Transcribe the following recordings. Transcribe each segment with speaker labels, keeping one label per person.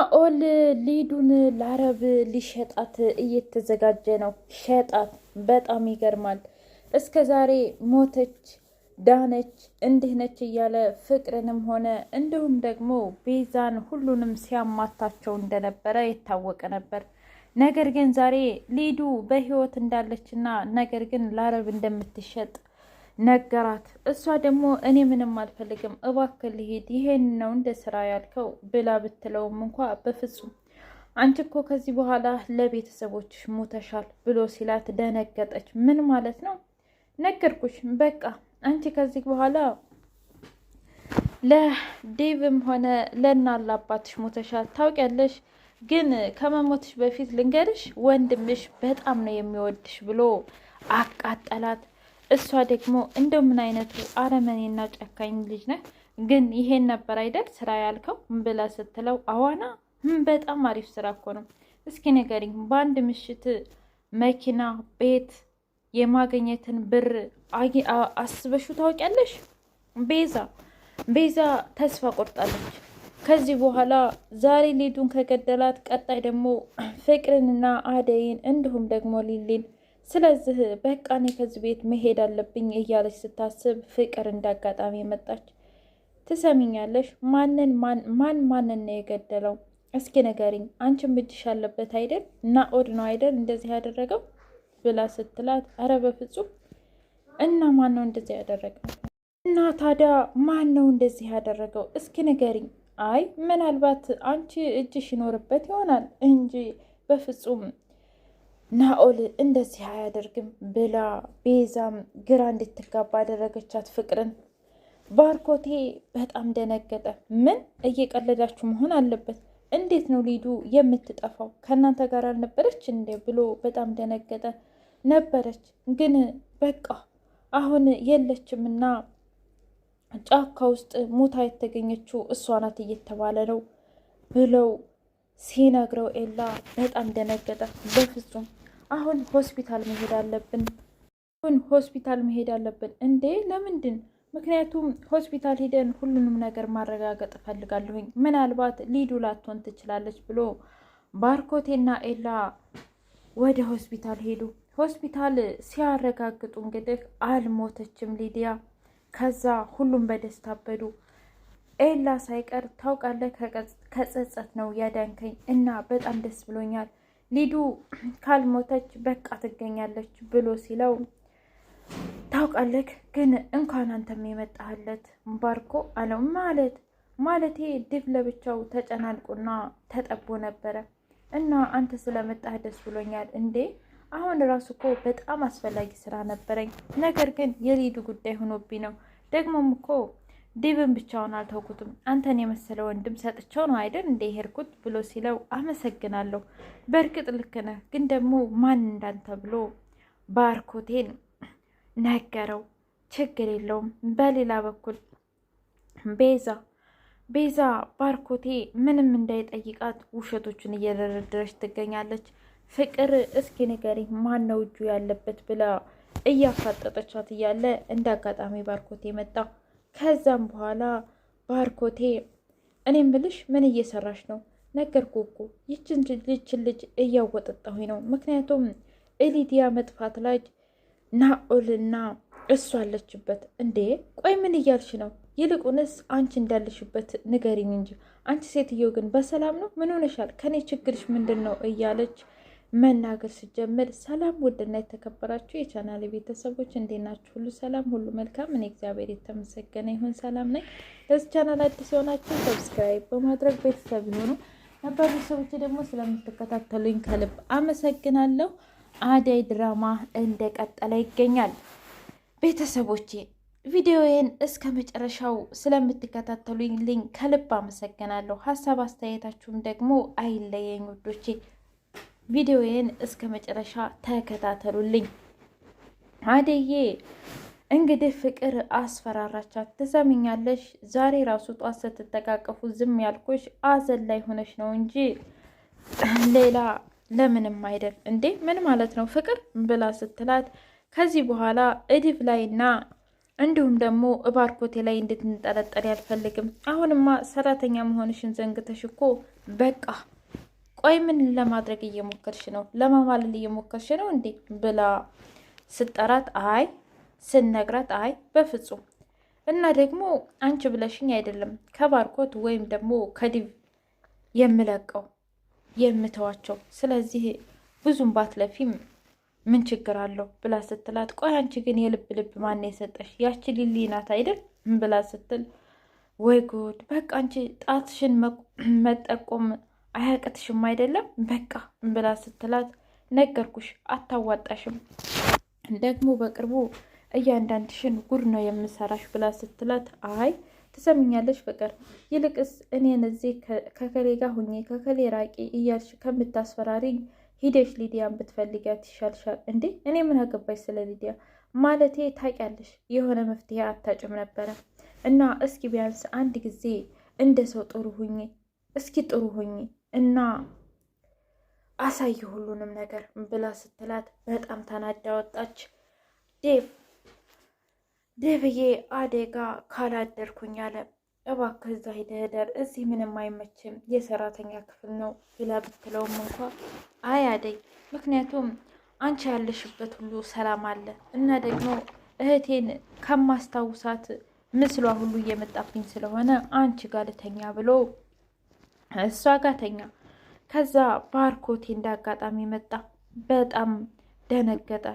Speaker 1: ናኦል ሊዱን ለአረብ ሊሸጣት እየተዘጋጀ ነው። ሸጣት። በጣም ይገርማል። እስከ ዛሬ ሞተች፣ ዳነች፣ እንዲህ ነች እያለ ፍቅርንም ሆነ እንዲሁም ደግሞ ቤዛን ሁሉንም ሲያማታቸው እንደነበረ የታወቀ ነበር። ነገር ግን ዛሬ ሊዱ በህይወት እንዳለችና ነገር ግን ለአረብ እንደምትሸጥ ነገራት። እሷ ደግሞ እኔ ምንም አልፈልግም እባክህ ልሂድ፣ ይሄን ነው እንደ ስራ ያልከው ብላ ብትለውም እንኳ በፍጹም አንቺ እኮ ከዚህ በኋላ ለቤተሰቦችሽ ሞተሻል ብሎ ሲላት ደነገጠች። ምን ማለት ነው? ነገርኩሽ፣ በቃ አንቺ ከዚህ በኋላ ለዴቭም ሆነ ለእናት ለአባትሽ ሞተሻል። ታውቂያለሽ፣ ግን ከመሞትሽ በፊት ልንገርሽ፣ ወንድምሽ በጣም ነው የሚወድሽ ብሎ አቃጠላት። እሷ ደግሞ እንደው ምን አይነቱ አረመኔና ጨካኝ ልጅ ነህ፣ ግን ይሄን ነበር አይደል ስራ ያልከው ብላ ስትለው፣ አዋና በጣም አሪፍ ስራ እኮ ነው። እስኪ ንገሪኝ፣ በአንድ ምሽት መኪና፣ ቤት የማግኘትን ብር አስበሹ ታውቂያለሽ? ቤዛ ቤዛ ተስፋ ቆርጣለች። ከዚህ በኋላ ዛሬ ሊዱን ከገደላት፣ ቀጣይ ደግሞ ፍቅርንና አደይን እንዲሁም ደግሞ ሊሊን ስለዚህ በቃ እኔ ከዚህ ቤት መሄድ አለብኝ እያለች ስታስብ ፍቅር እንዳጋጣሚ መጣች። ትሰሚኛለሽ? ማንን ማን ማንን ነው የገደለው? እስኪ ንገሪኝ። አንቺን ብጅሽ አለበት አይደል? ኦድ ነው አይደል እንደዚህ ያደረገው ብላ ስትላት፣ አረ በፍጹም እና ማን ነው እንደዚህ ያደረገው? እና ታዲያ ማን ነው እንደዚህ ያደረገው? እስኪ ንገሪኝ። አይ ምናልባት አንቺ እጅሽ ይኖርበት ይሆናል እንጂ በፍጹም ናኦል እንደዚህ አያደርግም ብላ ቤዛም ግራ እንድትጋባ አደረገቻት ፍቅርን። ባርኮቴ በጣም ደነገጠ። ምን እየቀለዳችሁ መሆን አለበት? እንዴት ነው ሊዱ የምትጠፋው? ከእናንተ ጋር አልነበረች እንዴ? ብሎ በጣም ደነገጠ። ነበረች ግን በቃ አሁን የለችም እና ጫካ ውስጥ ሞታ የተገኘችው እሷ ናት እየተባለ ነው ብለው ሲነግረው ኤላ በጣም ደነገጠ። በፍጹም አሁን ሆስፒታል መሄድ አለብን፣ አሁን ሆስፒታል መሄድ አለብን። እንዴ ለምንድን? ምክንያቱም ሆስፒታል ሄደን ሁሉንም ነገር ማረጋገጥ እፈልጋለሁኝ። ምናልባት ሊዱ ላትሆን ትችላለች ብሎ ባርኮቴና ኤላ ወደ ሆስፒታል ሄዱ። ሆስፒታል ሲያረጋግጡ እንግዲህ አልሞተችም ሊዲያ። ከዛ ሁሉም በደስታ በዱ። ኤላ ሳይቀር ታውቃለህ፣ ከጸጸት ነው ያዳንከኝ እና በጣም ደስ ብሎኛል ሊዱ ካልሞተች በቃ ትገኛለች ብሎ ሲለው ታውቃለህ፣ ግን እንኳን አንተም የመጣህለት ባርኮ አለው። ማለት ማለቴ ዲብ ለብቻው ተጨናንቁና ተጠቦ ነበረ እና አንተ ስለመጣህ ደስ ብሎኛል። እንዴ አሁን ራሱ እኮ በጣም አስፈላጊ ስራ ነበረኝ፣ ነገር ግን የሊዱ ጉዳይ ሆኖብኝ ነው ደግሞም እኮ ዴብን ብቻውን አልተውኩትም አንተን የመሰለ ወንድም ሰጥቼው ነው አይደል እንደ ሄድኩት ብሎ ሲለው አመሰግናለሁ። በእርግጥ ልክ ነህ፣ ግን ደግሞ ማን እንዳንተ ብሎ ባርኮቴን ነገረው። ችግር የለውም። በሌላ በኩል ቤዛ ቤዛ ባርኮቴ ምንም እንዳይጠይቃት ውሸቶቹን እየደረደረች ትገኛለች። ፍቅር እስኪ ንገሪ ማን ነው እጁ ያለበት ብላ እያፋጠጠቻት እያለ እንደ አጋጣሚ ባርኮቴ መጣ። ከዛም በኋላ ባርኮቴ እኔም ብልሽ ምን እየሰራሽ ነው? ነገርኩ እኮ ይችን ልጅ እያወጠጣሁኝ ነው። ምክንያቱም ኤሊዲያ መጥፋት ላይ ናኦልና እሱ አለችበት። እንዴ ቆይ ምን እያልሽ ነው? ይልቁንስ አንቺ እንዳለሽበት ንገሪኝ እንጂ። አንቺ ሴትዮ ግን በሰላም ነው? ምን ሆነሻል? ከኔ ችግርሽ ምንድን ነው? እያለች መናገር ስጀምር ሰላም ውድና የተከበራችሁ የቻናል ቤተሰቦች እንዴት ናችሁ? ሁሉ ሰላም፣ ሁሉ መልካም። እኔ እግዚአብሔር የተመሰገነ ይሁን ሰላም ነኝ። ለዚህ ቻናል አዲስ የሆናችሁ ሰብስክራይብ በማድረግ ቤተሰብ የሆኑ ነባሩ ቤተሰቦች ደግሞ ስለምትከታተሉኝ ከልብ አመሰግናለሁ። አደይ ድራማ እንደቀጠለ ይገኛል። ቤተሰቦቼ ቪዲዮዬን እስከ መጨረሻው ስለምትከታተሉኝ ልኝ ከልብ አመሰግናለሁ። ሀሳብ አስተያየታችሁም ደግሞ አይለየኝ ውዶቼ ቪዲዮዬን እስከ መጨረሻ ተከታተሉልኝ። አደዬ እንግዲህ ፍቅር አስፈራራቻት። ትሰምኛለሽ፣ ዛሬ ራሱ ጧት ስትተቃቀፉ ዝም ያልኩሽ አዘን ላይ ሆነሽ ነው እንጂ ሌላ ለምንም አይደል። እንዴ ምን ማለት ነው ፍቅር ብላ ስትላት ከዚህ በኋላ እድፍ ላይና እንዲሁም ደግሞ እባርኮቴ ላይ እንድትንጠለጠል አልፈልግም። አሁንማ ሰራተኛ መሆንሽን ዘንግተሽ እኮ በቃ ቆይ ምን ለማድረግ እየሞከርሽ ነው? ለማማለል እየሞከርሽ ነው እንዴ? ብላ ስጠራት አይ ስነግራት አይ በፍጹም እና ደግሞ አንቺ ብለሽኝ አይደለም ከባርኮት ወይም ደግሞ ከዲብ የምለቀው የምተዋቸው። ስለዚህ ብዙም ባትለፊም ምን ችግር አለው ብላ ስትላት፣ ቆይ አንቺ ግን የልብ ልብ ማን የሰጠሽ? ያቺ ሊሊ ናት አይደል ብላ ስትል፣ ወይ ጉድ በቃ አንቺ ጣትሽን መጠቆም አያቅትሽም አይደለም በቃ እንብላ ስትላት ነገርኩሽ አታዋጣሽም፣ ደግሞ በቅርቡ እያንዳንድሽን ጉድ ነው የምሰራሽ ብላ ስትላት አይ ትሰምኛለች ፍቅር ይልቅስ እኔን እዚህ ከከሌ ጋር ሁኜ ከከሌ ራቂ እያልሽ ከምታስፈራሪኝ ሂደሽ ሊዲያን ብትፈልጊያት ይሻልሻል። እንዴ እኔ ምን አገባሽ ስለ ሊዲያ? ማለቴ ታውቂያለሽ፣ የሆነ መፍትሄ አታጭም ነበረ እና እስኪ ቢያንስ አንድ ጊዜ እንደ ሰው ጥሩ ሁኜ እስኪ ጥሩ ሁኜ እና አሳይ ሁሉንም ነገር ብላ ስትላት በጣም ተናዳ ወጣች። ዴቭ ዴቭዬ አደጋ ካላደርኩኝ አለ። እባክህ እዛ ሂደህ እዚህ ምንም አይመችም፣ የሰራተኛ ክፍል ነው ብላ ብትለውም እንኳ አይ አደይ፣ ምክንያቱም አንቺ ያለሽበት ሁሉ ሰላም አለ እና ደግሞ እህቴን ከማስታውሳት ምስሏ ሁሉ እየመጣብኝ ስለሆነ አንቺ ጋር ልተኛ ብሎ እሷ ጋር ከዛ ባርኮቴ እንደ አጋጣሚ መጣ። በጣም ደነገጠ።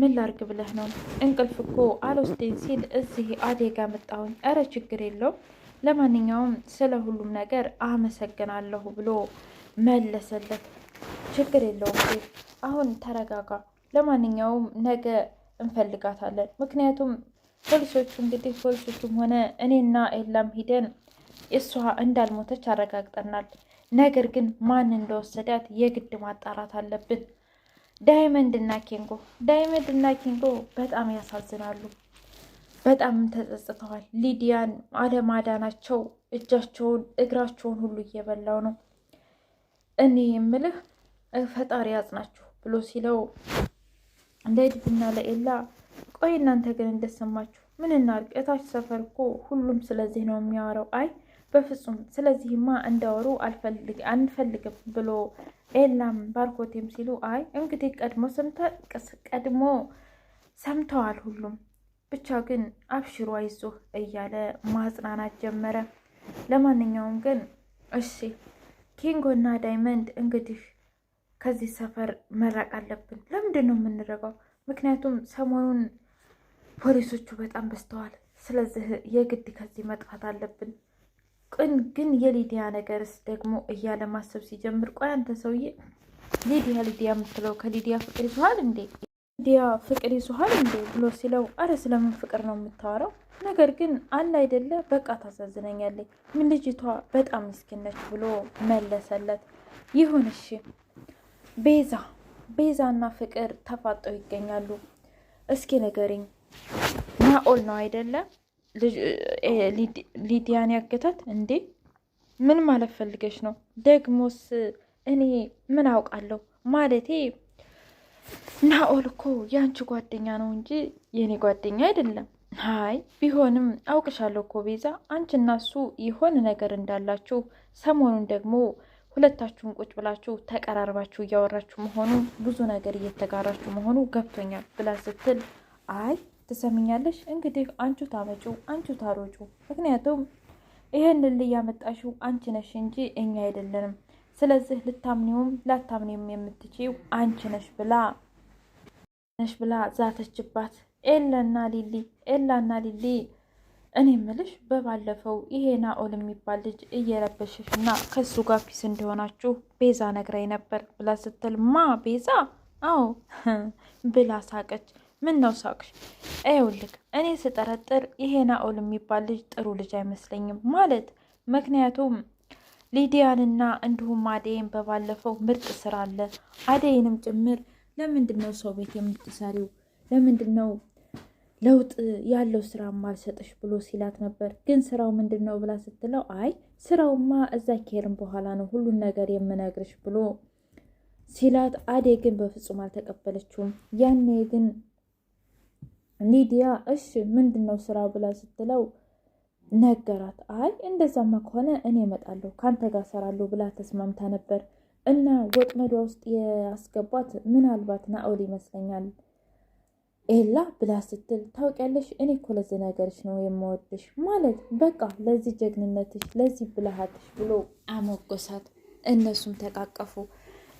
Speaker 1: ምን ላርግ ብለህ ነው? እንቅልፍ እኮ አልወስደኝ ሲል እዚህ አዴጋ መጣሁኝ። እረ ችግር የለውም ለማንኛውም ስለ ሁሉም ነገር አመሰግናለሁ ብሎ መለሰለት። ችግር የለውም አሁን ተረጋጋ። ለማንኛውም ነገ እንፈልጋታለን። ምክንያቱም ፖሊሶቹ እንግዲህ ፖሊሶቹም ሆነ እኔና ኤላም ሂደን እሷ እንዳልሞተች አረጋግጠናል። ነገር ግን ማን እንደወሰዳት የግድ ማጣራት አለብን። ዳይመንድ እና ኬንጎ ዳይመንድ እና ኬንጎ በጣም ያሳዝናሉ። በጣም ተጸጽተዋል። ሊዲያን አለማዳናቸው እጃቸውን እግራቸውን ሁሉ እየበላው ነው። እኔ የምልህ ፈጣሪ ያጽናችሁ ብሎ ሲለው ለድብና ለኤላ ቆይ እናንተ ግን እንደሰማችሁ ምን እናድርግ? እታች ሰፈር እኮ ሁሉም ስለዚህ ነው የሚያወራው። አይ በፍጹም ስለዚህማ እንደወሩ አንፈልግም ብሎ ኤላም ባርኮቴም ሲሉ አይ እንግዲህ ቀድሞ ቀድሞ ሰምተዋል ሁሉም ብቻ ግን አብሽሩ አይዞህ እያለ ማጽናናት ጀመረ። ለማንኛውም ግን እሺ ኪንጎ እና ዳይመንድ እንግዲህ ከዚህ ሰፈር መራቅ አለብን። ለምንድን ነው የምንረቀው? ምክንያቱም ሰሞኑን ፖሊሶቹ በጣም በዝተዋል። ስለዚህ የግድ ከዚህ መጥፋት አለብን። ቅን ግን የሊዲያ ነገርስ ደግሞ እያለ ማሰብ ሲጀምር፣ ቆይ አንተ ሰውዬ ሊዲያ ሊዲያ የምትለው ከሊዲያ ፍቅር ይዞሃል እንዴ? ሊዲያ ፍቅር ይዞሃል እንዴ ብሎ ሲለው፣ አረ ስለምን ፍቅር ነው የምታወራው? ነገር ግን አለ አይደለ በቃ ታሳዝነኛለች፣ ምን ልጅቷ በጣም ምስኪን ነች ብሎ መለሰለት። ይሁን እሺ። ቤዛ ቤዛና ፍቅር ተፋጠው ይገኛሉ። እስኪ ንገሪኝ ናኦል ነው አይደለ ሊዲያን ያገታት እንዴ? ምን ማለት ፈልገሽ ነው? ደግሞስ እኔ ምን አውቃለሁ? ማለቴ ናኦል እኮ የአንቺ ጓደኛ ነው እንጂ የእኔ ጓደኛ አይደለም። አይ ቢሆንም አውቅሻለሁ እኮ ቤዛ፣ አንችና እሱ የሆነ ነገር እንዳላችሁ፣ ሰሞኑን ደግሞ ሁለታችሁን ቁጭ ብላችሁ ተቀራርባችሁ እያወራችሁ መሆኑ፣ ብዙ ነገር እየተጋራችሁ መሆኑ ገብቶኛል ብላ ስትል አይ ትሰምኛለሽ? እንግዲህ አንቺ ታመጪው አንቺ ታሮጩ። ምክንያቱም ልል ልያመጣሽው አንቺ ነሽ እንጂ እኛ አይደለንም። ስለዚህ ልታምኒውም ላታምኒውም የምትችይው አንቺ ነሽ ብላ ነሽ ብላ ዛተችባት። ኤላና ሊሊ ኤላና ሊሊ እኔ ምልሽ በባለፈው ይሄ ናኦል የሚባል ልጅ እየረበሸሽ እና ከሱ ጋር ፒስ እንደሆናችሁ ቤዛ ነግራኝ ነበር ብላ ስትል ማ ቤዛ? አዎ ብላ ሳቀች። ምን ነው ሳቅሽ? ይኸውልህ እኔ ስጠረጥር ይሄ ናኦል የሚባል ልጅ ጥሩ ልጅ አይመስለኝም ማለት ምክንያቱም ሊዲያንና እንዲሁም አደይን በባለፈው ምርጥ ስራ አለ አደይንም ጭምር ለምንድን ነው ሰው ቤት የምትሰሪው? ለምንድን ነው ለውጥ ያለው ስራ ማልሰጥሽ ብሎ ሲላት ነበር። ግን ስራው ምንድን ነው ብላ ስትለው አይ ስራውማ እዛ ከሄድን በኋላ ነው ሁሉን ነገር የምነግርሽ ብሎ ሲላት፣ አዴ ግን በፍጹም አልተቀበለችውም። ያኔ ግን ሊዲያ እሺ ምንድን ነው ስራ ብላ ስትለው ነገራት። አይ እንደዛማ ከሆነ እኔ እመጣለሁ ከአንተ ጋር ሰራለሁ ብላ ተስማምታ ነበር እና ወጥመዷ ውስጥ ያስገቧት ምናልባት ናኦል ይመስለኛል ኤላ ብላ ስትል ታውቂያለሽ፣ እኔ እኮ ለዚህ ነገርሽ ነው የምወድሽ ማለት በቃ ለዚህ ጀግንነትሽ፣ ለዚህ ብልሃትሽ ብሎ አሞገሳት። እነሱም ተቃቀፉ።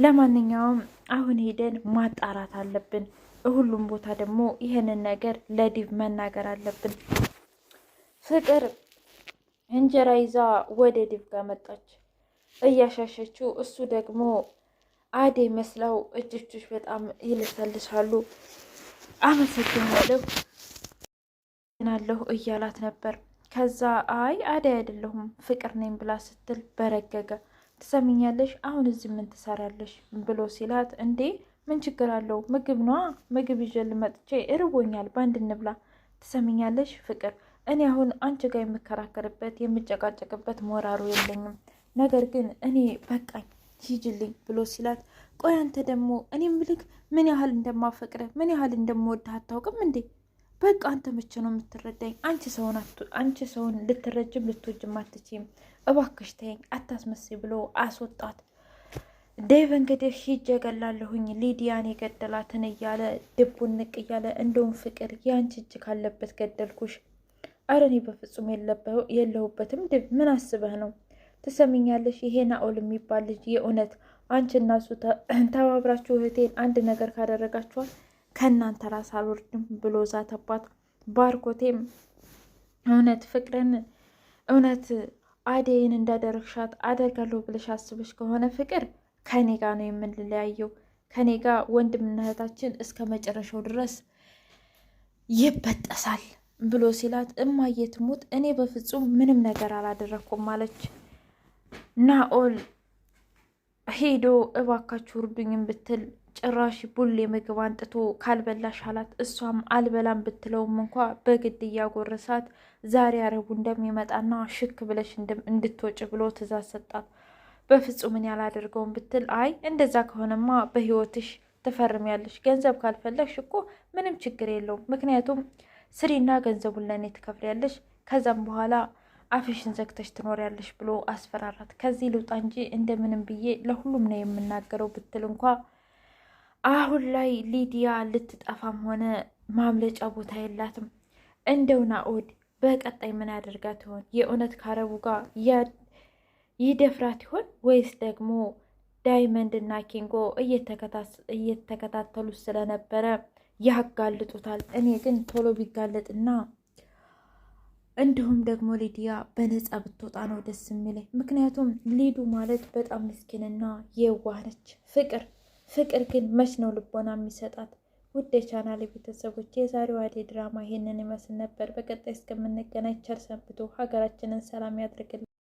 Speaker 1: ለማንኛውም አሁን ሄደን ማጣራት አለብን። ሁሉም ቦታ ደግሞ ይህንን ነገር ለዲብ መናገር አለብን። ፍቅር እንጀራ ይዛ ወደ ዲብ ጋር መጣች እያሻሸችው። እሱ ደግሞ አዴ መስለው እጆችሽ በጣም ይልሰልሳሉ፣ አመሰግናለሁ ናለሁ እያላት ነበር። ከዛ አይ አዴ አይደለሁም ፍቅር ነኝ ብላ ስትል በረገገ ትሰሚኛለሽ፣ አሁን እዚህ ምን ትሰራለሽ? ብሎ ሲላት፣ እንዴ ምን ችግር አለው? ምግብ ነዋ፣ ምግብ ይዤ መጥቼ እርቦኛል፣ በአንድ እንብላ። ትሰሚኛለሽ ፍቅር፣ እኔ አሁን አንቺ ጋር የምከራከርበት የምጨቃጨቅበት ሞራሩ የለኝም። ነገር ግን እኔ በቃኝ፣ ሂጅልኝ ብሎ ሲላት፣ ቆይ አንተ ደግሞ እኔ ምልክ ምን ያህል እንደማፈቅረ ምን ያህል እንደምወድህ አታውቅም እንዴ? በቃ አንተ መቼ ነው የምትረዳኝ? አንቺ ሰውን አንቺ ሰውን ልትረጅም ልትወጅም አትችም። እባክሽ ተይኝ፣ አታስመስይ ብሎ አስወጣት። ዴቭ እንግዲህ ሂጅ የገላለሁኝ ሊዲያን የገደላትን እያለ ድቡንቅ እያለ እንደውም ፍቅር የአንቺ እጅ ካለበት ገደልኩሽ። አረ እኔ በፍጹም የለሁበትም። ዴቭ ምን አስበህ ነው? ትሰሚኛለሽ? ይሄ ናኦል የሚባል ልጅ የእውነት አንቺ እና እሱ ተባብራችሁ እህቴን አንድ ነገር ካደረጋችኋል ከእናንተ ራስ አልወርድም ብሎ ዛተባት። ባርኮቴም እውነት ፍቅርን እውነት አደይን እንዳደረግሻት አደርጋለሁ ብለሽ አስበሽ ከሆነ ፍቅር ከኔ ጋ ነው የምንለያየው። ከኔ ጋ ወንድምና እህታችን እስከ መጨረሻው ድረስ ይበጠሳል ብሎ ሲላት፣ እማዬ ትሙት እኔ በፍጹም ምንም ነገር አላደረግኩም አለች። ናኦል ሄዶ እባካችሁ እርዱኝም ብትል ጭራሽ ቡሌ ምግብ አንጥቶ ካልበላሽ አላት። እሷም አልበላም ብትለውም እንኳ በግድ እያጎረሳት ዛሬ አረቡ እንደሚመጣና ሽክ ብለሽ እንድትወጭ ብሎ ትእዛዝ ሰጣት። በፍጹም እኔ አላደርገውም ብትል አይ እንደዛ ከሆነማ በህይወትሽ ትፈርሚያለሽ። ገንዘብ ካልፈለሽ እኮ ምንም ችግር የለውም። ምክንያቱም ስሪና ገንዘቡን ለእኔ ትከፍሪያለሽ። ከዛም በኋላ አፍሽን ዘግተሽ ትኖሪያለሽ ብሎ አስፈራራት። ከዚህ ልውጣ እንጂ እንደምንም ብዬ ለሁሉም ነው የምናገረው ብትል እንኳ አሁን ላይ ሊዲያ ልትጠፋም ሆነ ማምለጫ ቦታ የላትም። እንደው ናኦድ በቀጣይ ምን ያደርጋት ይሆን? የእውነት ካረቡ ጋር ይደፍራት ይሆን ወይስ ደግሞ ዳይመንድ እና ኪንጎ እየተከታተሉት ስለነበረ ያጋልጡታል። እኔ ግን ቶሎ ቢጋለጥና እንዲሁም ደግሞ ሊዲያ በነፃ ብትወጣ ነው ደስ የሚለኝ። ምክንያቱም ሊዱ ማለት በጣም ምስኪንና የዋህ ነች ፍቅር ፍቅር ግን መች ነው ልቦና የሚሰጣት? ውድ የቻናል ቤተሰቦች የዛሬው አዴ ድራማ ይሄንን ይመስል ነበር። በቀጣይ እስከምንገናኝ ቸር ሰንብቶ ሀገራችንን ሰላም ያድርግልን።